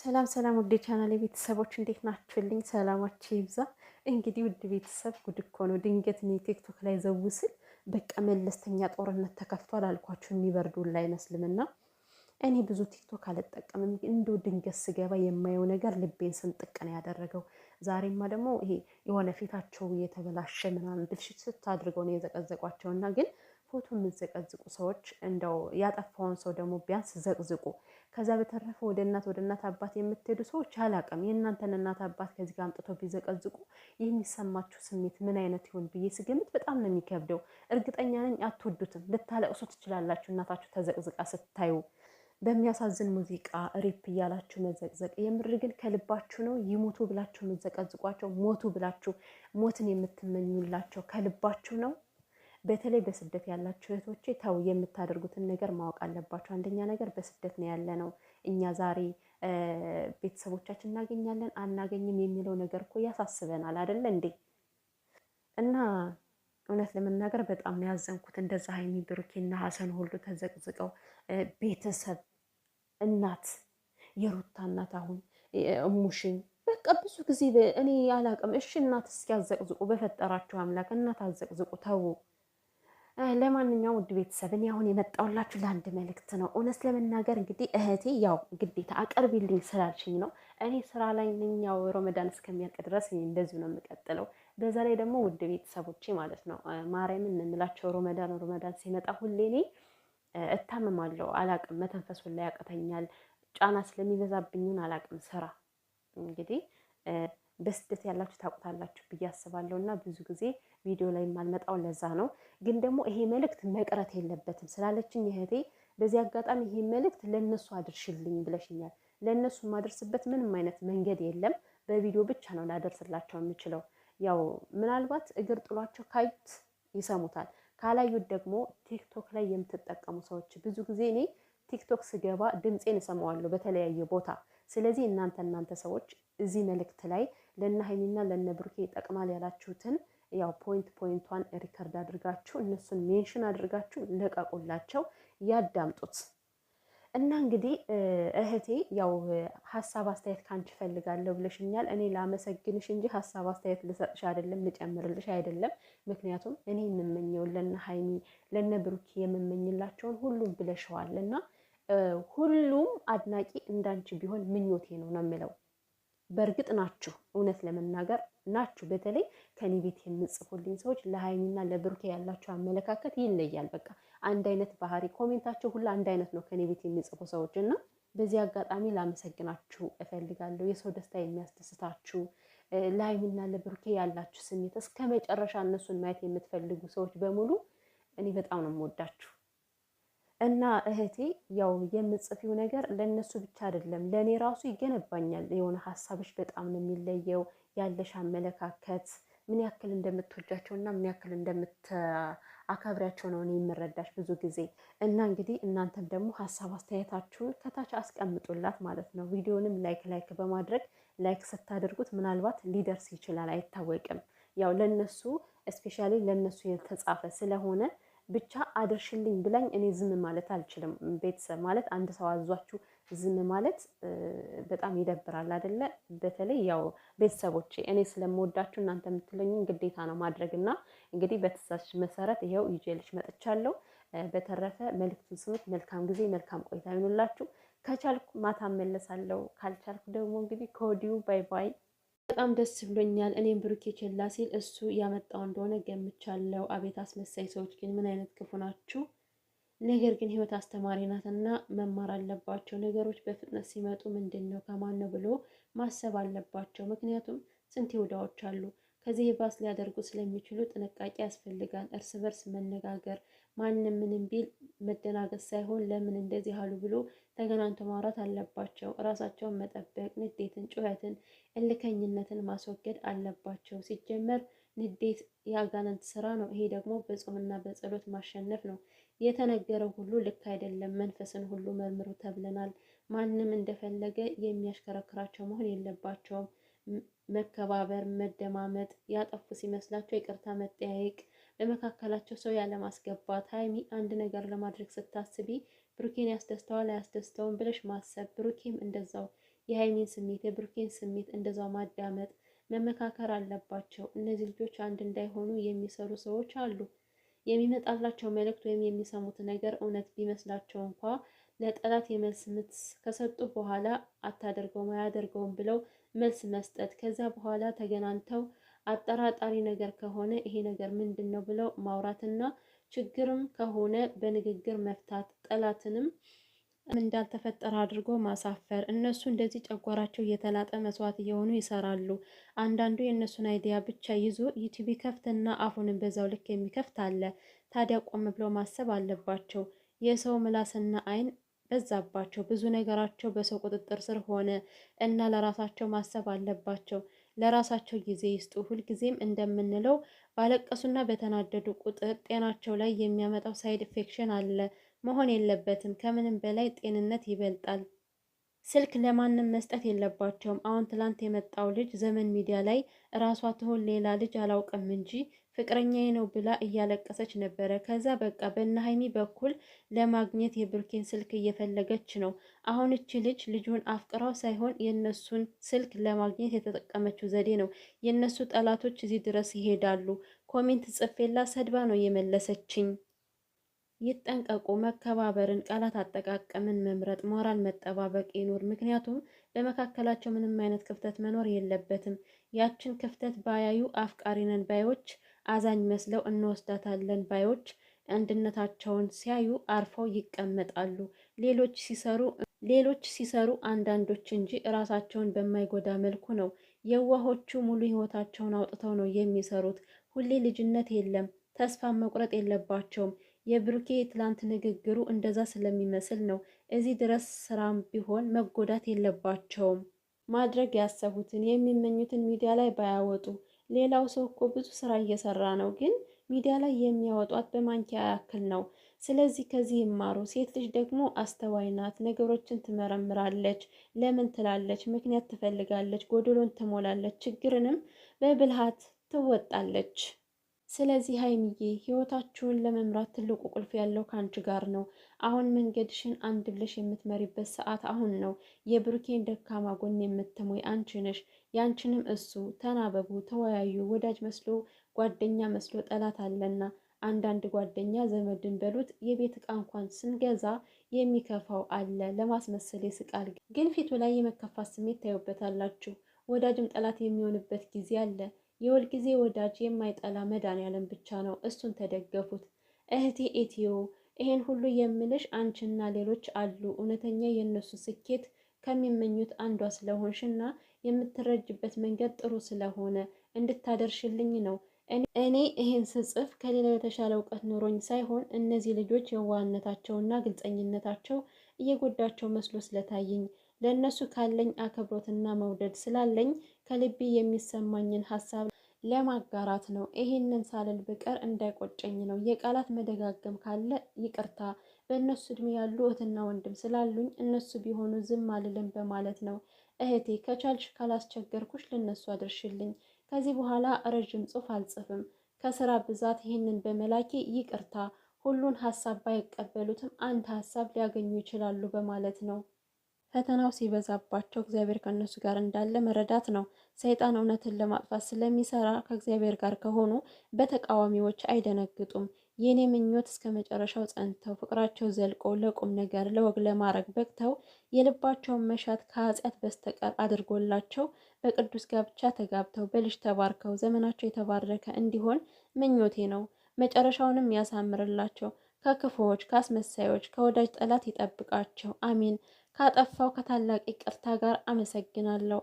ሰላም ሰላም ውድ ቻናል ቤተሰቦች እንዴት ናችሁልኝ? ሰላማችሁ ይብዛ። እንግዲህ ውድ ቤተሰብ ጉድ እኮ ነው። ድንገት እኔ ቲክቶክ ላይ ዘው ስል በቃ መለስተኛ ጦርነት ተከፍቷል አልኳችሁ። የሚበርዱላ አይመስልምና እኔ ብዙ ቲክቶክ አልጠቀምም። እንደው ድንገት ስገባ የማየው ነገር ልቤን ስንጥቅ ነው ያደረገው። ዛሬማ ደግሞ ይሄ የሆነ ፊታቸው የተበላሸ ምናምን ብልሽት ስታድርገው ነው የዘቀዘቋቸውና ግን ፎቶ የምዘቀዝቁ ሰዎች እንደው ያጠፋውን ሰው ደግሞ ቢያንስ ዘቅዝቁ። ከዛ በተረፈ ወደ እናት ወደ እናት አባት የምትሄዱ ሰዎች አላቅም የእናንተን እናት አባት ከዚህ ጋር አምጥቶ ቢዘቀዝቁ የሚሰማችሁ ስሜት ምን አይነት ይሆን ብዬ ስገምት በጣም ነው የሚከብደው። እርግጠኛ ነኝ አትወዱትም። ልታለቅሱ ትችላላችሁ እናታችሁ ተዘቅዝቃ ስታዩ። በሚያሳዝን ሙዚቃ ሪፕ እያላችሁ መዘቅዘቅ፣ የምር ግን ከልባችሁ ነው ይሞቱ ብላችሁ የምዘቀዝቋቸው? ሞቱ ብላችሁ ሞትን የምትመኙላቸው ከልባችሁ ነው? በተለይ በስደት ያላችሁ እህቶቼ ተው የምታደርጉትን ነገር ማወቅ አለባችሁ። አንደኛ ነገር በስደት ነው ያለ ነው። እኛ ዛሬ ቤተሰቦቻችን እናገኛለን አናገኝም የሚለው ነገር እኮ ያሳስበናል አይደለ እንዴ? እና እውነት ለመናገር በጣም ነው ያዘንኩት። እንደዛ ሀይሚ ብሩኬና ሀሰን ሁሉ ተዘቅዝቀው ቤተሰብ እናት የሩታ እናት አሁን እሙሽን በቃ ብዙ ጊዜ እኔ ያላቅም። እሺ እናት እስኪ አዘቅዝቁ፣ በፈጠራቸው አምላክ እናት አዘቅዝቁ፣ ተው። ለማንኛውም ውድ ቤተሰብን አሁን የመጣውላችሁ ለአንድ መልእክት ነው። እውነት ለመናገር እንግዲህ እህቴ ያው ግዴታ አቅርቢልኝ ስላልሽኝ ነው። እኔ ስራ ላይ ነኝ። ያው ረመዳን እስከሚያልቅ ድረስ እንደዚሁ ነው የምቀጥለው። በዛ ላይ ደግሞ ውድ ቤተሰቦቼ ማለት ነው ማርያም የምንላቸው ሮመዳን ሮመዳን ሲመጣ ሁሌ እኔ እታመማለሁ። አላቅም መተንፈሱን ላይ ያቅተኛል። ጫና ስለሚበዛብኝን አላቅም ስራ እንግዲህ በስደት ያላችሁ ታውቁታላችሁ ብዬ አስባለሁ እና ብዙ ጊዜ ቪዲዮ ላይ የማልመጣው ለዛ ነው። ግን ደግሞ ይሄ መልእክት መቅረት የለበትም ስላለችኝ እህቴ በዚህ አጋጣሚ ይሄ መልእክት ለእነሱ አድርሽልኝ ብለሽኛል። ለእነሱ የማደርስበት ምንም አይነት መንገድ የለም። በቪዲዮ ብቻ ነው ላደርስላቸው የምችለው። ያው ምናልባት እግር ጥሏቸው ካዩት ይሰሙታል፣ ካላዩት ደግሞ ቲክቶክ ላይ የምትጠቀሙ ሰዎች ብዙ ጊዜ እኔ ቲክቶክ ስገባ ድምፄን እሰማዋለሁ በተለያየ ቦታ። ስለዚህ እናንተ እናንተ ሰዎች እዚህ መልእክት ላይ ለነ ሀይሚና ለነ ብሩኬ ይጠቅማል ያላችሁትን ያው ፖይንት ፖይንቷን ሪከርድ አድርጋችሁ እነሱን ሜንሽን አድርጋችሁ ለቀቁላቸው፣ ያዳምጡት እና እንግዲህ እህቴ ያው ሀሳብ አስተያየት ካንቺ ፈልጋለሁ ብለሽኛል። እኔ ላመሰግንሽ እንጂ ሀሳብ አስተያየት ልሰጥሽ አይደለም፣ ልጨምርልሽ አይደለም። ምክንያቱም እኔ የምመኘው ለነ ሀይሚ ለነ ብሩኬ የምመኝላቸውን ሁሉም ብለሸዋል እና ሁሉም አድናቂ እንዳንቺ ቢሆን ምኞቴ ነው ነው የምለው በእርግጥ ናችሁ፣ እውነት ለመናገር ናችሁ። በተለይ ከኔ ቤት የምጽፉልኝ ሰዎች ለሀይሚና ለብሩኬ ያላቸው አመለካከት ይለያል። በቃ አንድ አይነት ባህሪ፣ ኮሜንታቸው ሁላ አንድ አይነት ነው ከኔ ቤት የሚጽፉ ሰዎች እና በዚህ አጋጣሚ ላመሰግናችሁ እፈልጋለሁ። የሰው ደስታ የሚያስደስታችሁ ለሀይሚና ለብሩኬ ያላችሁ ስሜት እስከ መጨረሻ እነሱን ማየት የምትፈልጉ ሰዎች በሙሉ እኔ በጣም ነው የምወዳችሁ። እና እህቴ ያው የምጽፊው ነገር ለእነሱ ብቻ አይደለም፣ ለእኔ ራሱ ይገነባኛል። የሆነ ሀሳብሽ በጣም ነው የሚለየው፣ ያለሽ አመለካከት ምን ያክል እንደምትወጃቸው እና ምን ያክል እንደምታከብሪያቸው ነው እኔ የምረዳሽ ብዙ ጊዜ። እና እንግዲህ እናንተም ደግሞ ሀሳብ አስተያየታችሁን ከታች አስቀምጡላት ማለት ነው። ቪዲዮንም ላይክ ላይክ በማድረግ ላይክ ስታደርጉት ምናልባት ሊደርስ ይችላል፣ አይታወቅም። ያው ለነሱ ስፔሻሊ ለነሱ የተጻፈ ስለሆነ ብቻ አድርሽልኝ ብላኝ እኔ ዝም ማለት አልችልም። ቤተሰብ ማለት አንድ ሰው አዟችሁ ዝም ማለት በጣም ይደብራል አይደለ? በተለይ ያው ቤተሰቦቼ እኔ ስለምወዳችሁ እናንተ የምትለኝን ግዴታ ነው ማድረግ እና እንግዲህ በትዕዛዝሽ መሰረት ይኸው ይዤልሽ መጥቻለሁ። በተረፈ መልዕክቱን ስሙት። መልካም ጊዜ፣ መልካም ቆይታ ይሁንላችሁ። ከቻልኩ ማታ መለሳለሁ፣ ካልቻልኩ ደግሞ እንግዲህ ከወዲሁ ባይ ባይ። በጣም ደስ ብሎኛል። እኔም ብሩኬ ችላ ሲል እሱ ያመጣው እንደሆነ ገምቻለሁ። አቤት አስመሳይ ሰዎች ግን ምን አይነት ክፉ ናችሁ! ነገር ግን ህይወት አስተማሪ ናትና መማር አለባቸው። ነገሮች በፍጥነት ሲመጡ ምንድን ነው ከማን ነው ብሎ ማሰብ አለባቸው። ምክንያቱም ስንት ይሁዳዎች አሉ። ከዚህ ባስ ሊያደርጉ ስለሚችሉ ጥንቃቄ ያስፈልጋል። እርስ በርስ መነጋገር፣ ማንም ምንም ቢል መደናገጥ ሳይሆን ለምን እንደዚህ አሉ ብሎ ተገናኝቶ ማውራት አለባቸው። ራሳቸውን መጠበቅ፣ ንዴትን፣ ጩኸትን፣ እልከኝነትን ማስወገድ አለባቸው። ሲጀመር ንዴት የአጋንንት ስራ ነው። ይሄ ደግሞ በጾምና በጸሎት ማሸነፍ ነው። የተነገረው ሁሉ ልክ አይደለም። መንፈስን ሁሉ መርምሩ ተብለናል። ማንም እንደፈለገ የሚያሽከረክራቸው መሆን የለባቸውም። መከባበር፣ መደማመጥ ያጠፉ ሲመስላቸው ይቅርታ መጠያየቅ፣ በመካከላቸው ሰው ያለማስገባት። ሀይሚ አንድ ነገር ለማድረግ ስታስቢ ብሩኬን ያስደስተዋል አያስደስተውም ብለሽ ማሰብ፣ ብሩኬም እንደዛው የሀይሚን ስሜት የብሩኬን ስሜት እንደዛው ማዳመጥ፣ መመካከር አለባቸው። እነዚህ ልጆች አንድ እንዳይሆኑ የሚሰሩ ሰዎች አሉ። የሚመጣላቸው መልእክት ወይም የሚሰሙት ነገር እውነት ቢመስላቸው እንኳ ለጠላት የመልስ ምት ከሰጡ በኋላ አታደርገውም አያደርገውም ብለው መልስ መስጠት፣ ከዛ በኋላ ተገናኝተው አጠራጣሪ ነገር ከሆነ ይሄ ነገር ምንድን ነው ብለው ማውራትና ችግርም ከሆነ በንግግር መፍታት፣ ጠላትንም እንዳልተፈጠረ አድርጎ ማሳፈር። እነሱ እንደዚህ ጨጓራቸው እየተላጠ መስዋዕት እየሆኑ ይሰራሉ። አንዳንዱ የእነሱን አይዲያ ብቻ ይዞ ዩቲቪ ከፍትና አፉንም በዛው ልክ የሚከፍት አለ። ታዲያ ቆም ብለው ማሰብ አለባቸው። የሰው ምላስና አይን። በዛባቸው። ብዙ ነገራቸው በሰው ቁጥጥር ስር ሆነ እና ለራሳቸው ማሰብ አለባቸው። ለራሳቸው ጊዜ ይስጡ። ሁልጊዜም እንደምንለው ባለቀሱና በተናደዱ ቁጥር ጤናቸው ላይ የሚያመጣው ሳይድ ኢፌክሽን አለ። መሆን የለበትም። ከምንም በላይ ጤንነት ይበልጣል። ስልክ ለማንም መስጠት የለባቸውም። አሁን ትላንት የመጣው ልጅ ዘመን ሚዲያ ላይ እራሷ ትሆን ሌላ ልጅ አላውቅም እንጂ ፍቅረኛዬ ነው ብላ እያለቀሰች ነበረ። ከዛ በቃ በእነ ሀይሚ በኩል ለማግኘት የብሩኬን ስልክ እየፈለገች ነው። አሁን እቺ ልጅ ልጁን አፍቅራው ሳይሆን የእነሱን ስልክ ለማግኘት የተጠቀመችው ዘዴ ነው። የእነሱ ጠላቶች እዚህ ድረስ ይሄዳሉ። ኮሜንት ጽፌላ ሰድባ ነው የመለሰችኝ። ይጠንቀቁ። መከባበርን፣ ቃላት አጠቃቀምን መምረጥ፣ ሞራል መጠባበቅ ይኑር። ምክንያቱም በመካከላቸው ምንም አይነት ክፍተት መኖር የለበትም። ያችን ክፍተት ባያዩ አፍቃሪነን ባዮች፣ አዛኝ መስለው እንወስዳታለን ባዮች አንድነታቸውን ሲያዩ አርፈው ይቀመጣሉ። ሌሎች ሲሰሩ ሌሎች ሲሰሩ አንዳንዶች እንጂ እራሳቸውን በማይጎዳ መልኩ ነው። የዋሆቹ ሙሉ ሕይወታቸውን አውጥተው ነው የሚሰሩት። ሁሌ ልጅነት የለም። ተስፋ መቁረጥ የለባቸውም። የብሩኬ የትላንት ንግግሩ እንደዛ ስለሚመስል ነው። እዚህ ድረስ ስራም ቢሆን መጎዳት የለባቸውም። ማድረግ ያሰቡትን የሚመኙትን ሚዲያ ላይ ባያወጡ። ሌላው ሰው እኮ ብዙ ስራ እየሰራ ነው፣ ግን ሚዲያ ላይ የሚያወጧት በማንኪያ ያክል ነው። ስለዚህ ከዚህ ይማሩ። ሴት ልጅ ደግሞ አስተዋይ ናት። ነገሮችን ትመረምራለች፣ ለምን ትላለች፣ ምክንያት ትፈልጋለች፣ ጎደሎን ትሞላለች፣ ችግርንም በብልሃት ትወጣለች። ስለዚህ ሀይሚዬ ህይወታችሁን ለመምራት ትልቁ ቁልፍ ያለው ከአንቺ ጋር ነው። አሁን መንገድሽን አንድ ብለሽ የምትመሪበት ሰዓት አሁን ነው። የብሩኬን ደካማ ጎን የምትሞይ አንቺ ነሽ፣ ያንቺንም እሱ። ተናበቡ፣ ተወያዩ። ወዳጅ መስሎ ጓደኛ መስሎ ጠላት አለና አንዳንድ ጓደኛ ዘመድን በሉት የቤት ዕቃ እንኳን ስንገዛ የሚከፋው አለ። ለማስመሰል ይስቃል፣ ግን ፊቱ ላይ የመከፋት ስሜት ታዩበታላችሁ። ወዳጅም ጠላት የሚሆንበት ጊዜ አለ። ጊዜ ወዳጅ የማይጠላ መድኃኒዓለም ብቻ ነው። እሱን ተደገፉት። እህቴ ኢትዮ ይሄን ሁሉ የምልሽ አንቺና ሌሎች አሉ እውነተኛ የእነሱ ስኬት ከሚመኙት አንዷ ስለሆንሽና የምትረጅበት መንገድ ጥሩ ስለሆነ እንድታደርሽልኝ ነው። እኔ ይሄን ስጽፍ ከሌላው የተሻለ እውቀት ኖሮኝ ሳይሆን እነዚህ ልጆች የዋህነታቸውና ግልጸኝነታቸው እየጎዳቸው መስሎ ስለታየኝ ለእነሱ ካለኝ አክብሮትና መውደድ ስላለኝ ከልቤ የሚሰማኝን ሀሳብ ለማጋራት ነው። ይሄንን ሳልል ብቀር እንዳይቆጨኝ ነው። የቃላት መደጋገም ካለ ይቅርታ፣ በእነሱ እድሜ ያሉ እህትና ወንድም ስላሉኝ እነሱ ቢሆኑ ዝም አልልም በማለት ነው። እህቴ ከቻልሽ ካላስቸገርኩሽ ለነሱ አድርሽልኝ። ከዚህ በኋላ ረዥም ጽሑፍ አልጽፍም። ከስራ ብዛት ይህንን በመላኬ ይቅርታ። ሁሉን ሀሳብ ባይቀበሉትም አንድ ሀሳብ ሊያገኙ ይችላሉ በማለት ነው። ፈተናው ሲበዛባቸው እግዚአብሔር ከእነሱ ጋር እንዳለ መረዳት ነው። ሰይጣን እውነትን ለማጥፋት ስለሚሰራ ከእግዚአብሔር ጋር ከሆኑ በተቃዋሚዎች አይደነግጡም። የእኔ ምኞት እስከ መጨረሻው ጸንተው ፍቅራቸው ዘልቆ ለቁም ነገር ለወግ ለማድረግ በቅተው የልባቸውን መሻት ከኃጢአት በስተቀር አድርጎላቸው በቅዱስ ጋብቻ ተጋብተው በልጅ ተባርከው ዘመናቸው የተባረከ እንዲሆን ምኞቴ ነው። መጨረሻውንም ያሳምርላቸው። ከክፉዎች፣ ከአስመሳዮች፣ ከወዳጅ ጠላት ይጠብቃቸው። አሚን። ካጠፋው ከታላቅ ይቅርታ ጋር አመሰግናለሁ።